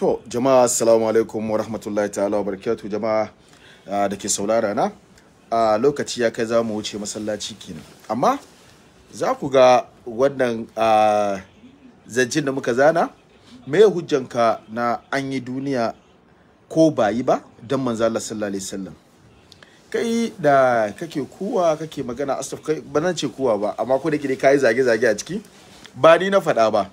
To, jama'a assalamu alaikum wa rahmatullahi ta'ala wa barakatuh jama'a uh, da ke saulara na. Uh, lokaci ya kai za mu wuce masallaci kenan. Amma za ku ga wannan uh, zancen da muka zana me hujjanka na an yi duniya ko ba yi ba don manzo Allah sallallahu alaihi wasallam. Kai da kake kuwa kake magana astaf kai nan ce kuwa ba amma ko da ke kai zage-zage a ciki ba ni na faɗa ba.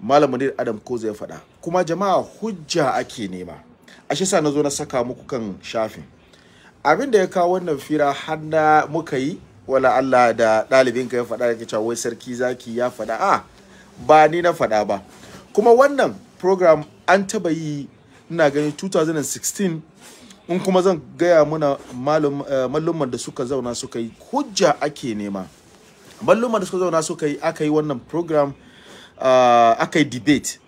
malam munir adam koza ya faɗa kuma jama'a hujja ake nema a shi sa na zo na saka muku kan shafin abin da ya kawo wannan fira har na muka yi wala Allah da ka ya faɗa da cewa wai sarki zaki ya faɗa a ba ni na faɗa ba kuma wannan program an taba yi ina gani 2016 in kuma zan gaya muna eh, malluman da suka zauna suka yi hujja ake nema malluman da suka zauna suka yi aka yi wannan program uh, aka yi debate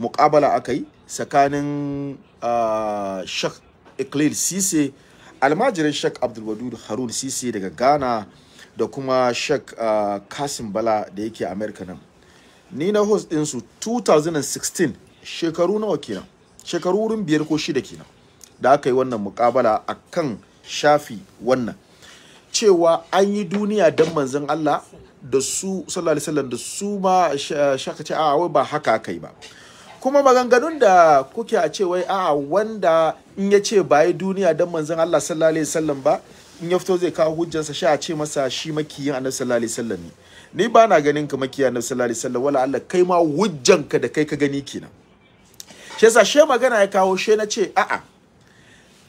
muƙabala aka yi tsakanin uh, ah, shak iklil sise almajirin shak abdulwadud harun sise daga ghana da kuma shak uh, ah, bala da yake america nan ni na host su 2016 shekaru nawa kenan shekaru wurin biyar ko shida kenan da aka yi wannan muƙabala kan shafi wannan cewa an yi duniya don manzon Allah da su sallallahu alaihi wasallam da su ma shaka ce a wai ba haka kai ba kuma maganganun da kuke a ce wai a wanda in ya ce ba yi duniya don manzon Allah sallallahu alaihi wasallam ba in ya fito zai kawo hujjansa sha a ce masa shi makiyin annabi sallallahu alaihi wasallam ne ni ba na ganin ka makiyin annabi sallallahu alaihi wasallam wala Allah kai ma hujjanka da kai ka gani kenan shi yasa shi magana ya kawo shi na ce a'a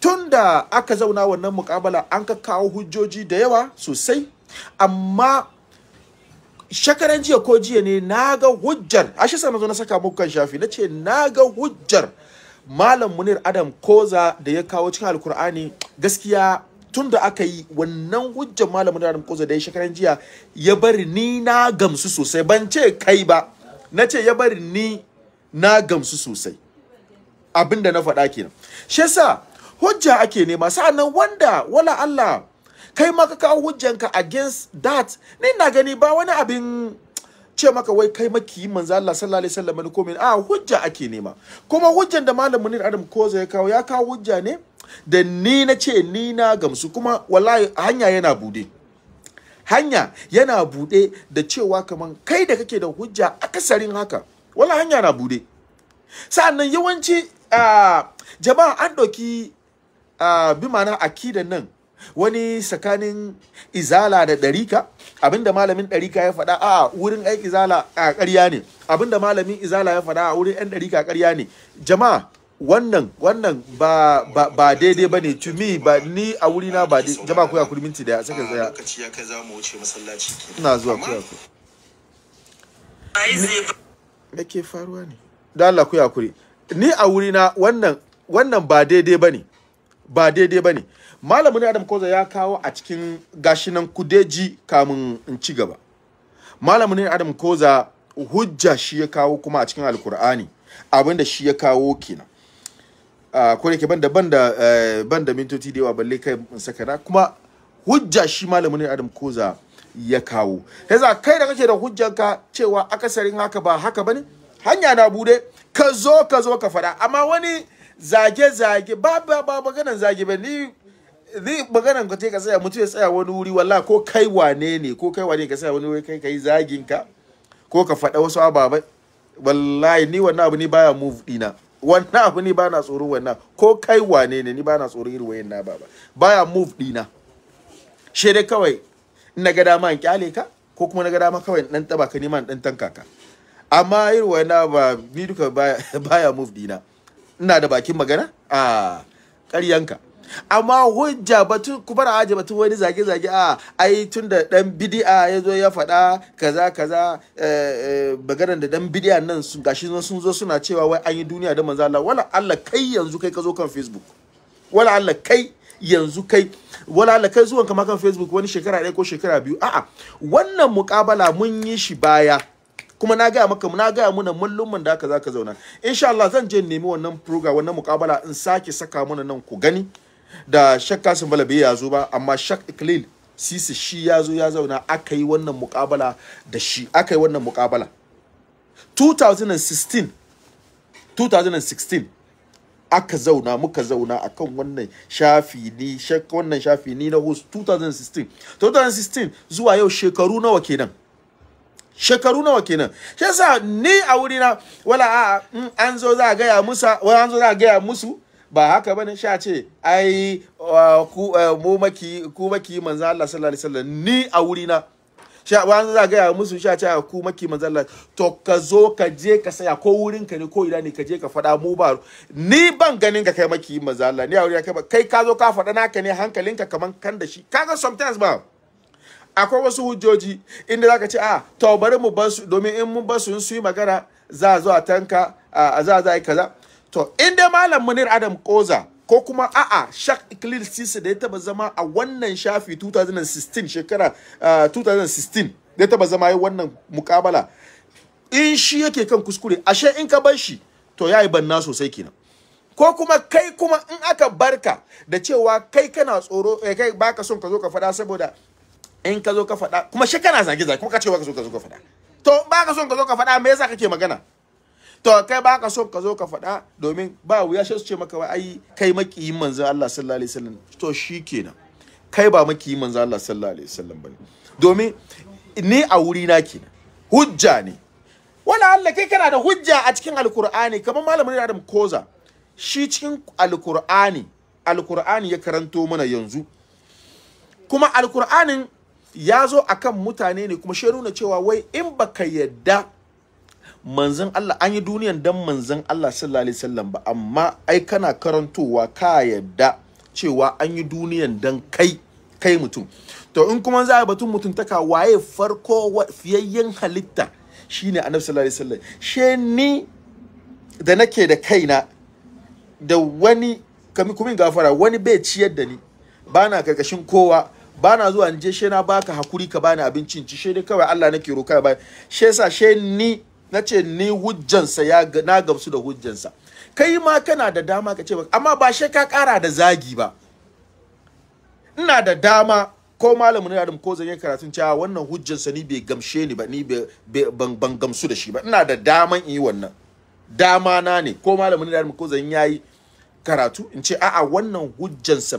tun da aka zauna wannan mukabala an ka kawo hujjoji da yawa sosai amma shakaran jiya ko jiya ne na ga hujjar ashe sa na zo na saka muku kan shafi na ce na ga hujjar malam munir adam koza da ya kawo cikin alkur'ani gaskiya tun da aka yi wannan hujjar malam munir adam koza da ya shakaran jiya ya bari ni na gamsu sosai ban ce kai ba na ce ya bari ni na gamsu sosai Abinda na faɗa kenan shi yasa hujja ake nema sa'annan wanda wala Allah kai ma ka kawo hujjanka against that ni na gani ba wani abin ce maka wai kai maki manzo Allah sallallahu alaihi wasallam ne komai a hujja ake nema kuma hujjan da malam Munir Adam Koza ya kawo ya kawo hujja ne da ni na ce ni na gamsu kuma wallahi hanya yana bude hanya yana bude da cewa kaman kai da kake da hujja akasarin haka wallahi hanya na bude sa'annan yawanci ah, jama'a an ɗauki uh, bi ma'ana akidan nan wani tsakanin izala da ɗarika abinda malamin ɗarika ya faɗa a wurin aiki izala a ƙarya ne abinda malamin izala ya faɗa a wurin ɗan ɗarika a ƙarya ne jama'a wannan wannan ba ba ba daidai ba ne to me ba ni a wuri na ba daidai jama'a ku ya kuri minti da ya saka tsaya lokaci ya kai zamu wuce masallaci ina zuwa ku ya kuri me ke faruwa ne da Allah ku ya kuri ni a wuri na wannan wannan ba daidai ba ne ba daidai ba ne malamin adam koza ya kawo a cikin gashinan kudeji kamun in ci gaba malamin adam koza hujja shi ya kawo kuma a cikin alkur'ani abinda shi ya kawo kenan da ke banda banda eh, banda mintoti da yawa balle kai in saka kuma hujja shi malamin adam koza ya kawo yasa kai da kake da hujjanka cewa akasarin haka ba haka bane hanya na bude ka zo ka zo ka faɗa amma wani zage-zage ba ba ba maganan zage ba ni ni maganan ka ka tsaya mutum ya tsaya wani wuri walla ko kai wane ne ko kai wane ka tsaya wani wuri kai kai zagin ka ko ka faɗa wasu ababa wallahi ni wannan abu ni baya move dina wannan abu ni bana tsoro wannan ko kai wane ne ni bana tsoro irin wayan baba baya move dina she dai kawai in na ga dama in kyale ka ko kuma na ga dama kawai dan taba ka neman dan tanka ka amma irin na ba ni duka baya move dina ina da bakin magana a ƙaryanka amma hujja batun kuma na aje batun wani zage-zage a ai tun da dan bidi'a ya zo ya faɗa kaza kaza eh, eh, maganar da dan bidi'a nan sun gashi sun zo suna cewa wai an yi duniya da manzo Allah wala Allah kai yanzu kai ka zo kan Facebook wala Allah kai yanzu kai wala Allah kai zuwan kama kan Facebook wani shekara ɗaya ko shekara biyu a'a wannan muƙabala mun yi shi baya kuma na gaya maka na gaya muna mallumman da haka zaka zauna insha Allah zan je nemi wannan program wannan mukabala in sake saka mana nan ku gani da Shak Kasim Balabi ya zo ba amma Shak Iklil Sisi shi ya zo ya zauna aka yi wannan mukabala da shi aka yi wannan mukabala 2016 2016 aka zauna muka zauna akan wannan shafi ni wannan shafi ni na host 2016 2016 zuwa yau shekaru nawa kenan shekaru nawa kenan shi yasa ni a wuri na wala a in an zo za a gaya musa wa an zo za a gaya musu ba haka bane sha ce ai ku eh, mu maki ku maki manzo Allah sallallahu alaihi wasallam ni a wuri na sha zo za gaya musu sha ce ku maki Allah to ka zo ka je ka saya ko wurin ka ne ko ina ne ka je ka faɗa mu ba ni ban ganin ka kai maki Allah ni a wuri kai ba kai ka zo ka faɗa naka ne hankalinka kaman kan da shi kaga sometimes ba akwai wasu hujjoji inda zaka ce a ah, to bari mu bar su domin in mun bar su su yi magana za a zo a tanka a za a yi kaza to in dai malam munir adam koza ko kuma a'a shak iklil sisi da ya taba zama a wannan shafi 2016 shekara 2016 da ya taba zama yi wannan mukabala in shi yake kan kuskure ashe in ka bar shi to ya yi banna sosai kenan ko kuma kai kuma in aka barka da cewa kai kana tsoro eh, kai baka son ka zo ka faɗa saboda in ka zo ka faɗa kuma shi kana zage zage kuma ka ce ka so ka zo ka faɗa to ba ka so ka zo ka faɗa me yasa kake magana to kai ba ka so ka zo ka faɗa domin ba wuya shi su ce maka ai kai makiyin manzon Allah sallallahu alaihi wasallam to shikenan kai ba makiyin manzon Allah sallallahu alaihi wasallam bane domin ni a wuri na kenan hujja ne wala Allah kai kana da hujja a cikin alkur'ani kamar malamin Adam Koza shi cikin alkur'ani alkur'ani ya karanto mana yanzu kuma alqur'anin ya zo akan mutane ne kuma shi nuna cewa wai in baka yadda manzon Allah an yi duniyan dan manzon Allah sallallahu alaihi wasallam ba amma ai kana karantowa ka yadda cewa an yi duniyan dan kai kai mutum to in kuma za a batun mutuntaka waye farko fiyayyen halitta shine annabi sallallahu alaihi wasallam she ni da nake da kaina da wani kami kumin gafara wani bai ciyar da ni bana karkashin kowa ba na zuwa in je she na baka hakuri ka bani abinci ci she dai kawai Allah nake roka ba she sa she ni nace ni hujjansa ya na gamsu da hujjansa kai ma kana da dama ka ce ba amma ba she ka kara da zagi ba ina da dama ko malamin Adam ko zan yi karatun cewa wannan hujjansa ni bai gamshe ni ba ni ban gamsu da shi ba ina da daman in yi wannan dama na ne ko malamin Adam ko zan yayi karatu in ce a'a wannan hujjansa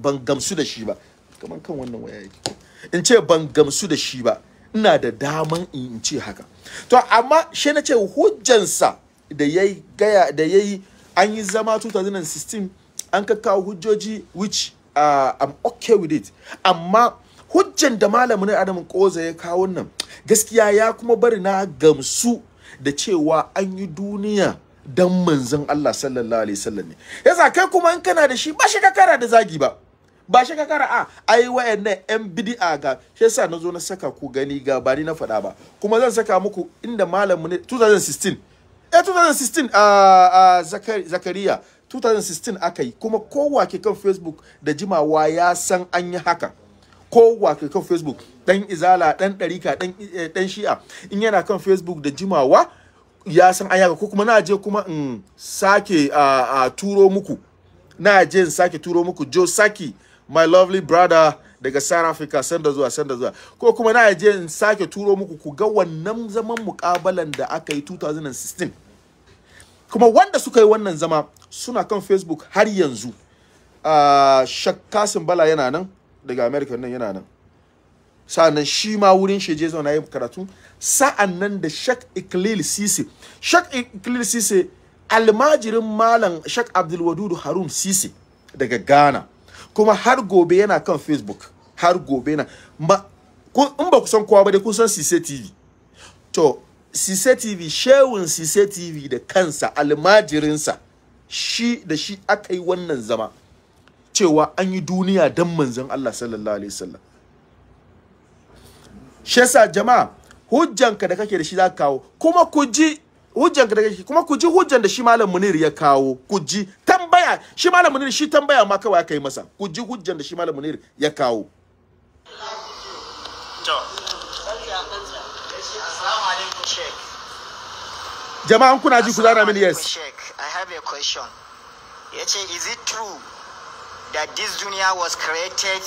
ban gamsu da shi ba kaman kan wannan waya yake in ce ban gamsu da shi ba ina da daman in ce haka to amma shi na ce hujjansa da yayi gaya da yayi an yi zama 2016 an kakkawo hujjoji which uh, I'm okay with it amma hujjan da malamin Adamu Koza ya kawo nan gaskiya ya kuma bari na gamsu da cewa an yi duniya dan manzon Allah sallallahu alaihi wasallam ne yasa kai kuma in kana da shi ba shi ka kara da zagi ba ba shi ka kara a ah, ai wayannan yan bid'a ga shi yasa nazo na saka ku gani ga ba ni na faɗa ba kuma zan saka muku inda malamu ne 2016 eh 2016 a ah, ah, zakariya 2016 aka yi kuma kowa ke kan facebook da jimawa ya san an yi haka kowa ke kan facebook dan izala dan ɗarika dan eh, shi'a in yana kan facebook da jimawa ya san an haka ko kuma na je kuma in sake a turo muku na je in sake turo muku joe saki my lovely brother daga South Africa sanda zuwa sanda zuwa ko kuma na je in sake turo muku ku ga wannan zaman mukabalan da aka yi 2016 kuma wanda suka yi wannan zama suna kan Facebook har yanzu uh, ah, Shakkasin Bala yana nan daga America nan yana nan sa'annan shi ma wurin shi je zauna yin karatu sa'annan da Shak Iklil Sisi Shak Iklil Sisi almajirin malam Shak Abdul Wadudu Harun Sisi daga Ghana kuma har gobe yana kan facebook har gobe na in ba ku san kowa ba dai kun san sise tv to sise tv shewin sise tv da kansa almajirinsa shi da shi aka yi wannan zama cewa an yi duniya don manzon Allah sallallahu alaihi wasallam shesa jama'a hujjanka da kake da shi za ka kawo kuma ku ji hujjan ka daga kuma ku ji hujjan da shi malam munir ya kawo ku ji tambaya shi malam munir shi tambaya ma kawai aka yi masa ku ji hujjan da shi malam munir ya kawo jama'an kuna ji ku zana mini yes i have a question yace is it true that this dunya was created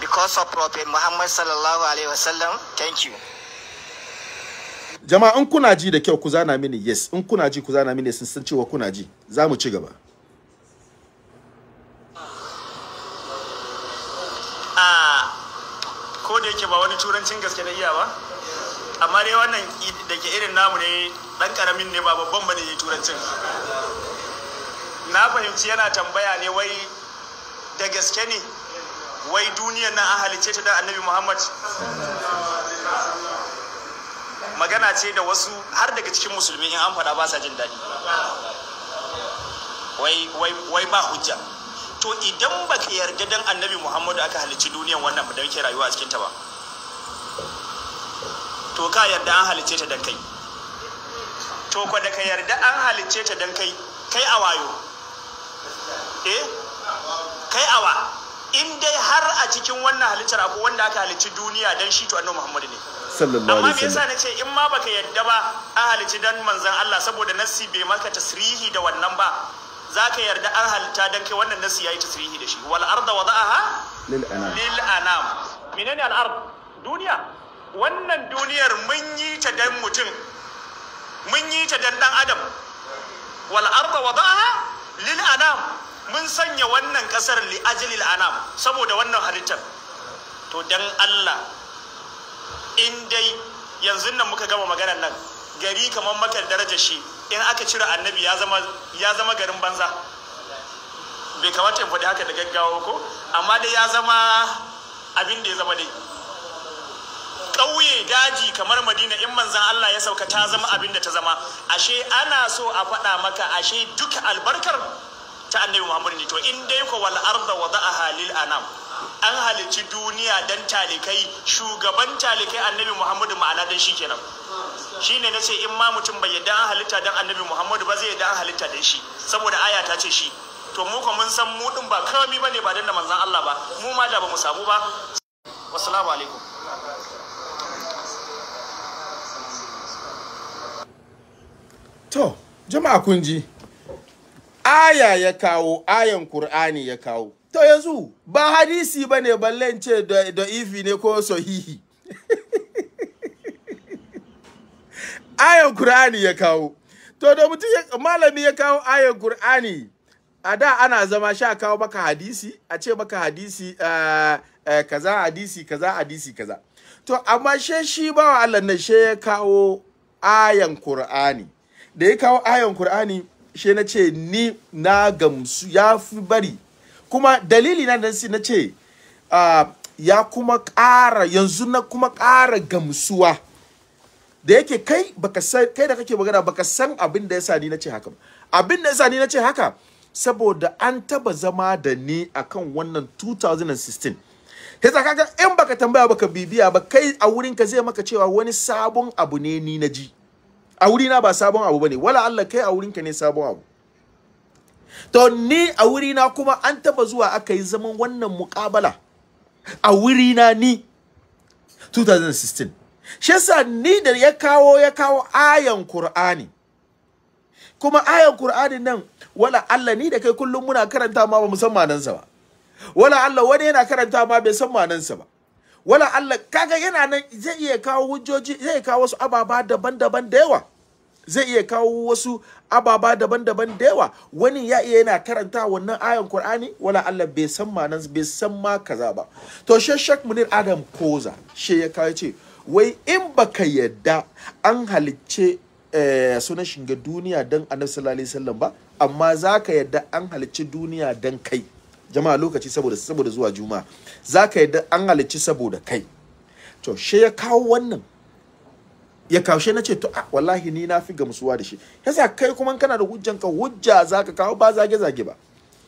because of prophet muhammad sallallahu alaihi wasallam thank you jama'a in kuna ji da kyau ku zana mini yes in kuna ji ku zana mini sun san cewa kuna ji za mu ci gaba ah, ko da yake ba wani turancin gaske na iya ba amma dai wannan da ke irin namu ne dan karamin ne ba babban bane ne turancin na fahimci yana tambaya ne wai da gaske ne wai duniyar nan an halice ta da annabi muhammad magana ce da wasu har daga cikin musulmi in an faɗa ba sa jin daɗi wai ba hujja to idan baka yarda dan annabi muhammadu aka halicci duniyan wannan da dauke rayuwa a cikin ta ba to ka yarda an halicce ta dan kai to ko da ka yarda an halicce ta dan kai kai a wayo eh kai awa in dai har a cikin wannan halittar abu wanda aka halicci duniya dan shi to annabi Muhammad ne amma me yasa nace in ma baka yadda ba a halicci dan manzon Allah saboda nassi bai maka tasrihi da wannan ba zaka yarda an halitta dan kai wannan nassi yayi tasrihi da shi wal arda wada'aha lil anam lil anam menene al ard duniya wannan duniyar mun yi ta dan mutum mun yi ta dan dan adam wal arda wada'aha lil anam mun sanya wannan kasar li anam saboda wannan halittar to dan Allah in dai yanzu nan muka gama maganar nan gari kamar makar darajar shi in aka cire annabi ya zama ya zama garin banza bai kamata in faɗi haka da gaggawa ko amma dai ya zama abin da ya zama dai ƙauye daji kamar madina in manzan Allah ya sauka ta zama abin da ta zama ashe ana so a faɗa maka ashe duka albarkar ta annabi muhammadu ne to in dai ko wal arda wada'aha lil anam an halici duniya dan talikai shugaban talikai annabi muhammadu ma'ana dan shi kenan shine nace in ma mutum bai yadda an halitta dan annabi muhammad ba zai yadda an halitta dan shi saboda aya ta ce shi to mu ko mun san mu din ba kami bane ba dan da manzon Allah ba mu ma da bamu samu ba wassalamu alaikum to jama'a kun ji aya ya kawo ayan Kur'ani ya kawo to yanzu ba hadisi ba ne ballen ce da ifi ne ko sahihi ayan Kur'ani ya kawo to da mutum malami ya kawo ayan Kur'ani a da ana zama sha kawo baka hadisi a ce baka hadisi kaza hadisi kaza hadisi kaza to amma she shi wa Allah ne she ya kawo ayan Kur'ani da ya kawo ayan Kur'ani she na ce ni na gamsu ya fi bari kuma dalili na da na ce ya kuma ƙara yanzu na kuma ƙara gamsuwa da yake kai baka kai da kake magana baka san abin da yasa ni na ce haka abin da yasa ni na ce haka saboda an taba zama da ni akan wannan 2016 yasa kaga in baka tambaya baka bibiya ba kai a wurin ka zai maka cewa wani sabon abu ne ni na ji a wurina ba sabon abu bane wala Allah kai a wurinka ne sabon abu to ni a wurina kuma an taba zuwa aka yi zaman wannan muƙabala a wurina ni 2016 shi yasa ni da ya kawo ya kawo ayan Qur'ani kuma ayan Qur'ani nan wala Allah ni da kai kullum muna karanta ma ba musamman nan sa ba wala Allah wani yana karanta ma bai san ma manansa ba wala Allah kaga yana nan zai iya kawo hujjoji zai kawo wasu ababa daban-daban da yawa zai iya kawo wasu ababa daban-daban da yawa wani ya iya yana karanta wannan ayan Qur'ani wala Allah bai san nan bai san ma kaza ba to she Sheikh Munir Adam Koza she ya kawo ce wai in baka yadda an halicce eh, sunan shinga duniya dan Annabi sallallahu alaihi wasallam ba amma zaka yadda an halicci duniya dan kai jama'a lokaci saboda saboda zuwa juma'a za ka da an halicci saboda kai to shi ya kawo wannan ya kawo shi na ce to wallahi ni na fi gamsuwa da shi yasa kai kuma kana da hujjanka hujja za ka kawo ba zage zage ba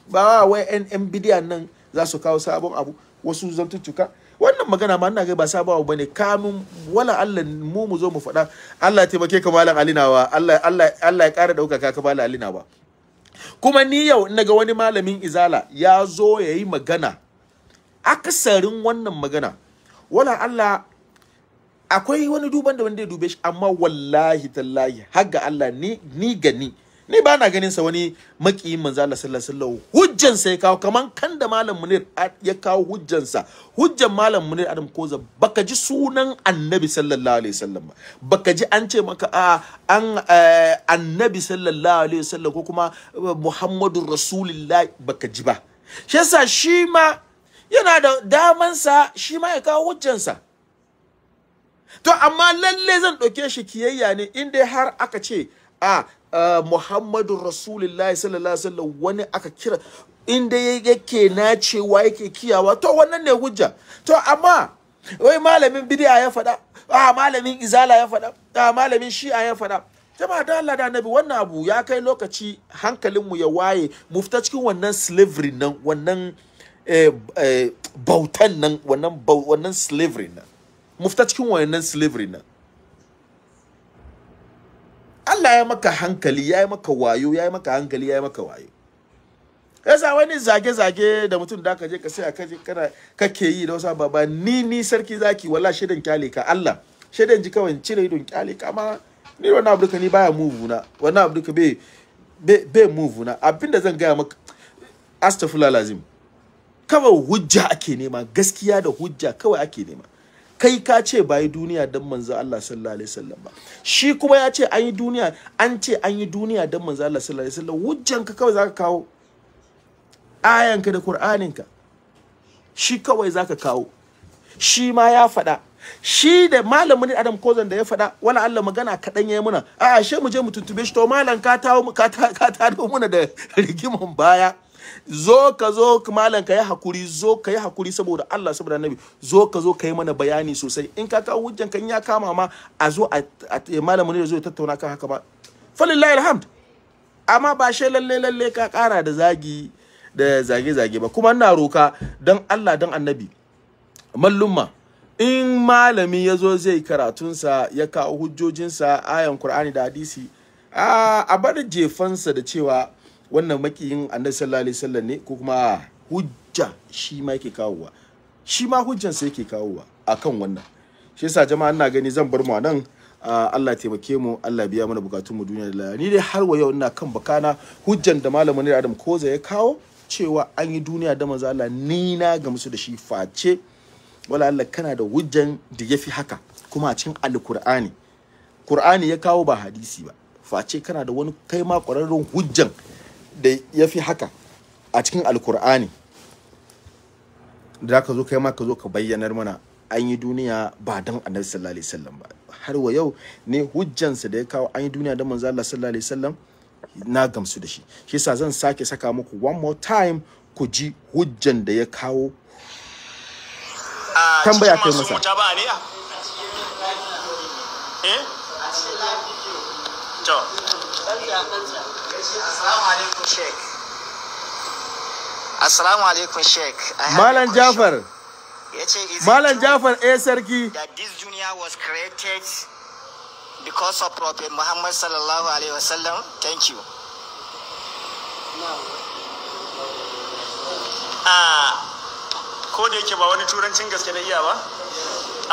ba wai yan yan bidiyan nan za su kawo sabon abu wasu zantuttuka wannan magana ma ina ga ba sabawa bane kanun wala Allah mu mu zo mu faɗa Allah ya taimake ka malam Alinawa Allah Allah ya ƙara ɗaukaka ka malam Alinawa kuma ni yau naga wani malamin izala ya zo ya yi magana akasarin wannan magana wala Allah akwai wani duban da wanda ya dube shi amma wallahi tallahi har ga Allah ni ni gani ni ba na ganin sa wani makiyin manzo Allah sallallahu alaihi wasallam hujjan sa ya kawo kaman kan da malam Munir ya kawo hujjan sa hujjan malam Munir Adam Koza baka ji sunan Annabi sallallahu alaihi wasallam ba baka ji an ce maka a an eh, Annabi sallallahu alaihi wasallam ko kuma Muhammadur Rasulullah baka ji ba shi yasa shi ma yana da damansa shi ma ya kawo hujjansa to amma lalle zan ɗauke shi kiyayya ne in dai har aka ce a Muhammadu Rasulullahi sallallahu alaihi wasallam wani aka kira in dai yake nacewa yake kiyawa to wannan ne hujja to amma wai malamin bid'a ya faɗa a malamin izala ya faɗa a malamin shi'a ya faɗa Jama da Allah da Annabi wannan abu ya kai lokaci hankalinmu ya waye mu fita cikin wannan slavery nan wannan Eh, eh, bautan nan wannan wannan slavery nan mu fita cikin wannan slavery nan Allah ya maka hankali ya yi maka wayo ya yi maka hankali ya yi maka wayo yasa wani zage-zage da mutum da ka je ka saya ka je kana kake yi da wasa baba ni ni sarki zaki wallahi shedan kyale ka Allah shedan ji kawai cire idon kyale ka ma ni wannan abu ni baya move na wannan abu be be bai move na abinda zan ga maka astaghfirullah lazim kawai hujja ake nema gaskiya da hujja kawai ake nema kai ka ce ba yi duniya don manzo Allah sallallahu alaihi wasallam ba shi kuma ya ce an yi duniya an ce an yi duniya don manzo Allah sallallahu alaihi wasallam hujjan ka kawai zaka kawo ayanka da kur'aninka shi kawai zaka kawo shi ma ya faɗa shi da malamin Adam Kozan da ya faɗa wala Allah magana kaɗan ya muna a shi mu je mu tuntube shi to malam ka tawo ka ta ka ta muna da rigimin baya zo ka zo malam ka yi hakuri zo ka yi hakuri saboda Allah saboda annabi zo ka zo ka yi mana bayani sosai in ka kawo hujjan kan ya kama ma a zo a malamin ne zo ya tattauna kan haka ba falillahi alhamd amma ba shi lalle lalle ka kara da zagi da zage zage ba kuma ina roka dan Allah dan annabi mallumma in malami ya zo zai karatunsa ya kawo hujjojinsa ayan Qur'ani da hadisi a bar jefansa da cewa wannan makiyin annabi sallallahu alaihi wasallam ne ko kuma hujja shi ma yake kawowa shi ma hujjan sai yake kawowa akan wannan shi yasa jama'a ina gani zan bar mu nan Allah taimake mu Allah biya mana bukatun mu duniya da ni dai har wa yau ina kan bakana hujjan da malamin ne Adam Koza ya kawo cewa an yi duniya da manzo Allah ni na gamsu da shi face wala Allah kana da hujjan da yafi haka kuma a cikin alkur'ani Qur'ani ya kawo ba hadisi ba face kana da wani kai ma ƙwararren hujjan da ya fi haka a cikin alkur'ani da ka zo kai ma ka zo ka bayyanar mana an yi duniya ba don annabi sallallahu alaihi wasallam ba har wa yau ne hujjansa da ya kawo an yi duniya da manzo Allah sallallahu alaihi na gamsu da shi shi yasa zan sake saka muku one more time ku ji hujjan da ya kawo tambaya kai masa Assalamu alaikum Sheikh. Malam Jafar. Malam Jafar eh sarki. That this junior was created because of Prophet Muhammad sallallahu alaihi wasallam. Thank you. Ah, ko da yake ba wani turancin gaske da iya ba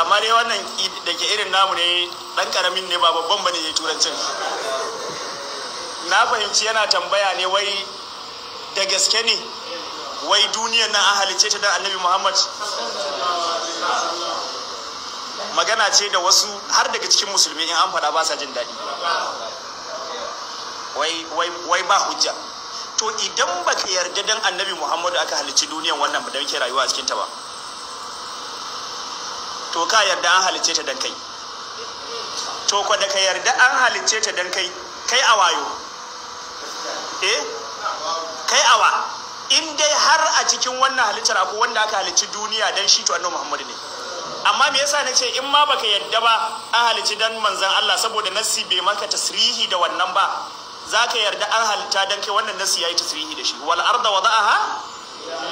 amma dai wannan da ke irin namu ne dan karamin ne ba babban bane turancin na fahimci yana tambaya ne wai da gaske ne wai duniyar nan an halice ta da annabi muhammad magana ce da wasu har daga cikin musulmi in an faɗa ba sa jin daɗi wai ba hujja to idan ba ka yarda don annabi muhammadu aka halicci duniyar wannan ba da muke rayuwa a cikinta ba to ka yarda an halicce ta dan kai to kwa da ka yarda an halicce ta dan kai kai a wayo eh kai awa in dai har a cikin wannan halittar akwai wanda aka halicci duniya dan shi to annabi Muhammad ne amma me yasa nace in ma baka yadda ba an halicci dan manzon Allah saboda nassi bai maka tasrihi da wannan ba zaka yarda an halitta dan kai wannan nassi yayi tasrihi da shi wal arda wada'aha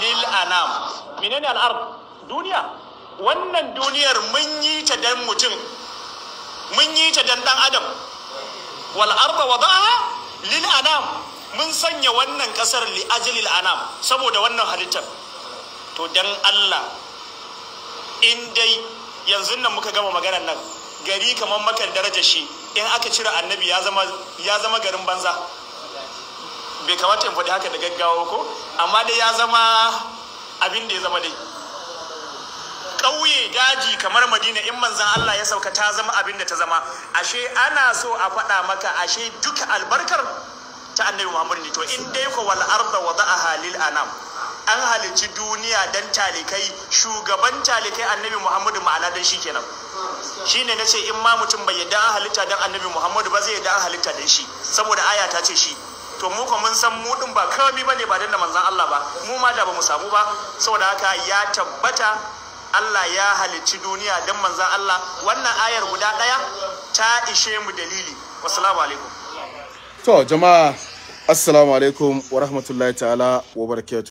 lil anam menene al ard duniya wannan duniyar mun yi ta dan mutum mun yi ta dan dan adam wal arda wada'aha lil anam mun sanya wannan kasar li ajlil anam saboda wannan halittar to dan Allah in dai yanzu nan muka gama maganar nan gari kamar makar daraja shi in aka cire annabi ya zama ya zama garin banza bai kamata in faɗi haka da gaggawa ko amma dai ya zama abin da ya zama dai ƙauye daji kamar madina in manzan Allah ya sauka ta zama abin da ta zama ashe ana so a faɗa maka ashe duka albarkar ta annabi Muhammad ne to in dai ko wal arda wada'aha a anam an halici duniya dan talikai shugaban talikai annabi Muhammadu ma'ana dan shi kenan shine nace in ma mutum bai yadda an halitta dan annabi Muhammadu ba zai yadda an halitta dan shi saboda aya ta ce shi to mu ko mun san mu din ba kawai bane ba dan da manzon Allah ba mu ma da ba mu samu ba saboda haka ya tabbata Allah ya halicci duniya dan manzon Allah wannan ayar guda daya ta ishe mu dalili wassalamu alaikum To jama'a assalamu alaikum wa rahmatullahi ta'ala wa barakatuh.